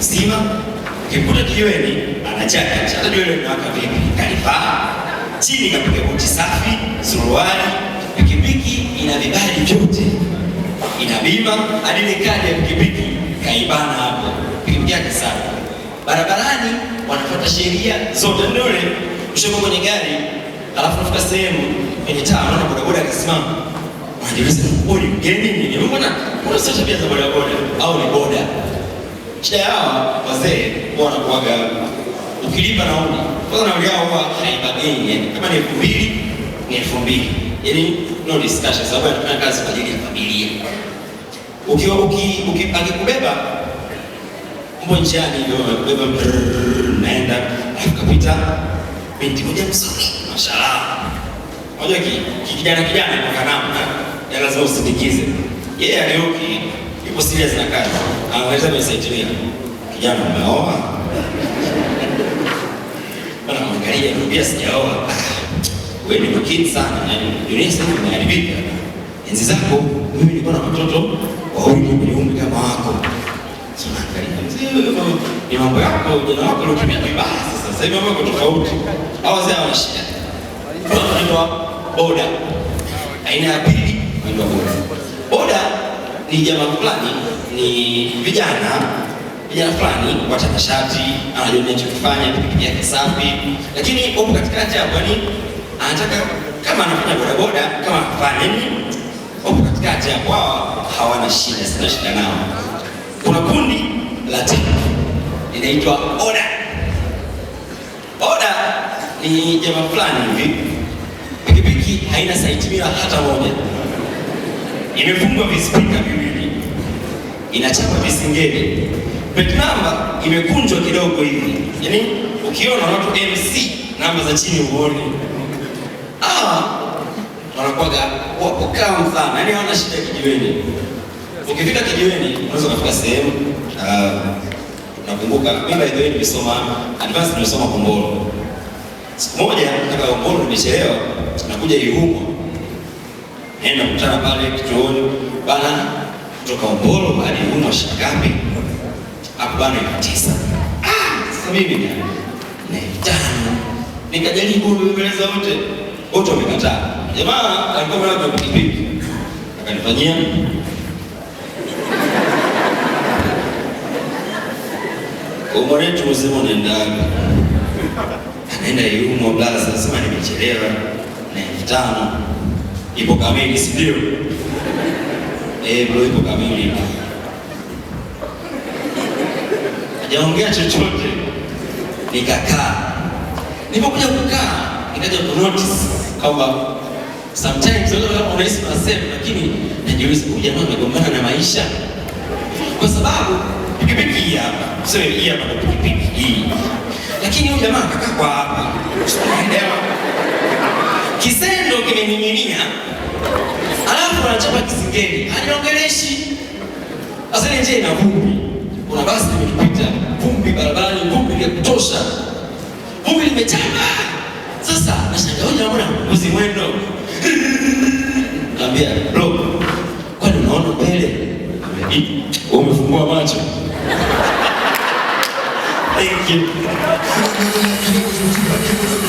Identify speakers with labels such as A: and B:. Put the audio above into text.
A: mzima, ukikuta jiweni anachaka hata jiweni mwaka vipi, kalivaa chini, kapiga buti safi, suruali. Pikipiki ina vibali vyote, ina bima hadi ni kadi ya pikipiki, kaibana hapo pikipiki yake sana. Barabarani wanafuata sheria zote, ndio mshoko kwenye gari, alafu nafika sehemu yenye taa, naona bodaboda akasimama Wanajiuliza, huyu mgeni ni mbona? Kuna sasa tabia za bodaboda au ni boda? Shida ya hawa wazee huwa wanakuaga ukilipa nauli kwanza, nauli yao huwa haibageni, yani kama ni elfu mbili ni elfu mbili yani no discussion, sababu anafanya kazi kwa ajili ya familia. Ukiwa akikubeba mbo njiani, ndio amekubeba naenda, akapita binti moja mashallah. Unajua kijana kijana kwa kanamu eh? lazima usindikize yeye, yeah, aliyoki Ipo serious na kazi. Anaweza ah, kunisaidia. Kijana umeoa? Bana mwangalia niambia sijaoa. Ah, wewe ni mkini sana na dunia sasa imeharibika. Enzi zako mimi nilikuwa na mtoto wa umri kama wako. Ni mambo yako, ujana wako unatumia vibaya sasa. Sasa hivi mambo yako tofauti. Hao wazee wana shida. Wanaitwa boda. Aina ya pili wanaitwa boda. Boda ni jamaa fulani, ni vijana vijana fulani wachapashati, anajua anachokifanya, pikipiki yake safi, lakini huko katikati hapo ni anataka kama anafanya bodaboda kama anafanya nini, huko katikati hapo hawana shida sana, shida nao. Kuna kundi la tepu linaitwa oda. Oda ni jamaa fulani hivi, pikipiki haina saiti hata moja imefungwa vispika viwili, inachapa visingeli. Bet namba imekunjwa kidogo hivi, yaani ukiona watu MC namba za chini uone ah, wanakuwaga wapo calm sana, yaani hawana shida kijiweni. Ukifika kijiweni unaweza kufika sehemu um, nakumbuka mimi by the way nimesoma advance nimesoma Kombolo. Siku moja nataka Kombolo nimechelewa, nakuja Ihumwa nenda kutana pale kituoni bana, kutoka Mbolo hadi Unwa shilingi ngapi? Hapo bana ni tisa. Ah, sasa mimi ni tano. Nikajaribu kueleza wote, wote wamekataa. Jamaa alikuwa mwana wa pikipiki akanifanyia umwanetu mzima unaendaga anaenda Iumo blaza, sema nimechelewa na elfu tano ipo kamili, si ndio? Eh, bro ipo kamili, hajaongea chochote. Nikakaa, nilipokuja kukaa nikaja ku notice kwamba sometimes wewe unahisi unasema, lakini najiuliza huyu jamaa amegombana na maisha, kwa sababu pikipiki hii hapa, sio hii hapa, kwa pikipiki hii lakini huyu jamaa akakaa kwa hapa, unaelewa kise kimening'inia, alafu anachapa kisingeni, aniongeleshi. Sasa ni njia ina vumbi, kuna basi limekipita, vumbi barabarani, vumbi ya kutosha, vumbi limechapa. Sasa nashangaa huyu anaona mbuzi mwendo, naambia bro, kwani unaona mbele? Umefungua macho Thank you.